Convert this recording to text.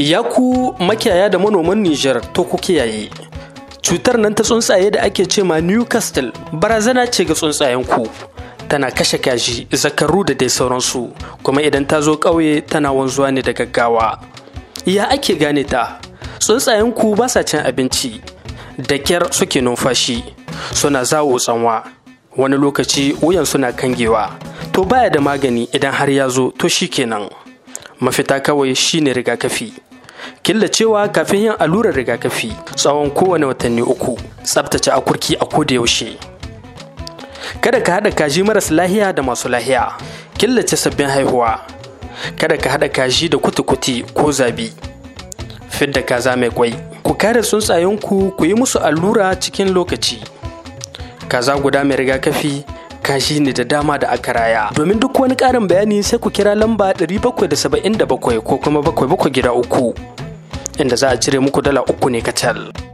Ya ku makiyaya da manoman Nijar to ku kiyaye. Cutar nan ta tsuntsaye da ake ce ma Newcastle barazana ce ga tsuntsayen ku. Tana kashe kaji, zakaru da dai sauransu, kuma idan ta zo ƙauye tana wanzuwa ne da gaggawa. Ya ake gane ta? Tsuntsayen ku ba sa cin abinci, da kyar suke numfashi, suna zawo tsanwa, wani lokaci wuyan suna kangewa. To baya da magani idan har ya zo to shi kenan. mafita kawai shine rigakafi killacewa kafin yin allurar rigakafi tsawon kowane watanni uku tsabtace akurki a koda yaushe kada ka haɗa kaji maras lahiya da masu lahiya killace sabbin haihuwa kada ka haɗa kaji da kutukuti ko zabi fidda kaza mai kwai ku kare tsuntsayenku ku yi musu allura cikin lokaci kaza guda mai rigakafi kashi ne da dama da aka raya. Domin duk wani karin bayani sai ku kira lamba 777 ko kuma 773 gida uku. inda za a cire muku dala uku ne kacal.